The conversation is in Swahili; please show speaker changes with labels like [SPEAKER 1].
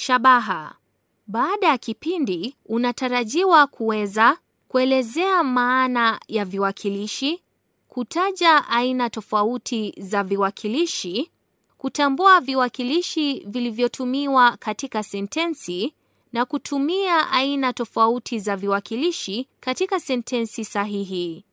[SPEAKER 1] Shabaha: baada ya kipindi unatarajiwa kuweza kuelezea maana ya viwakilishi, kutaja aina tofauti za viwakilishi, kutambua viwakilishi vilivyotumiwa katika sentensi na kutumia aina tofauti za viwakilishi katika sentensi sahihi.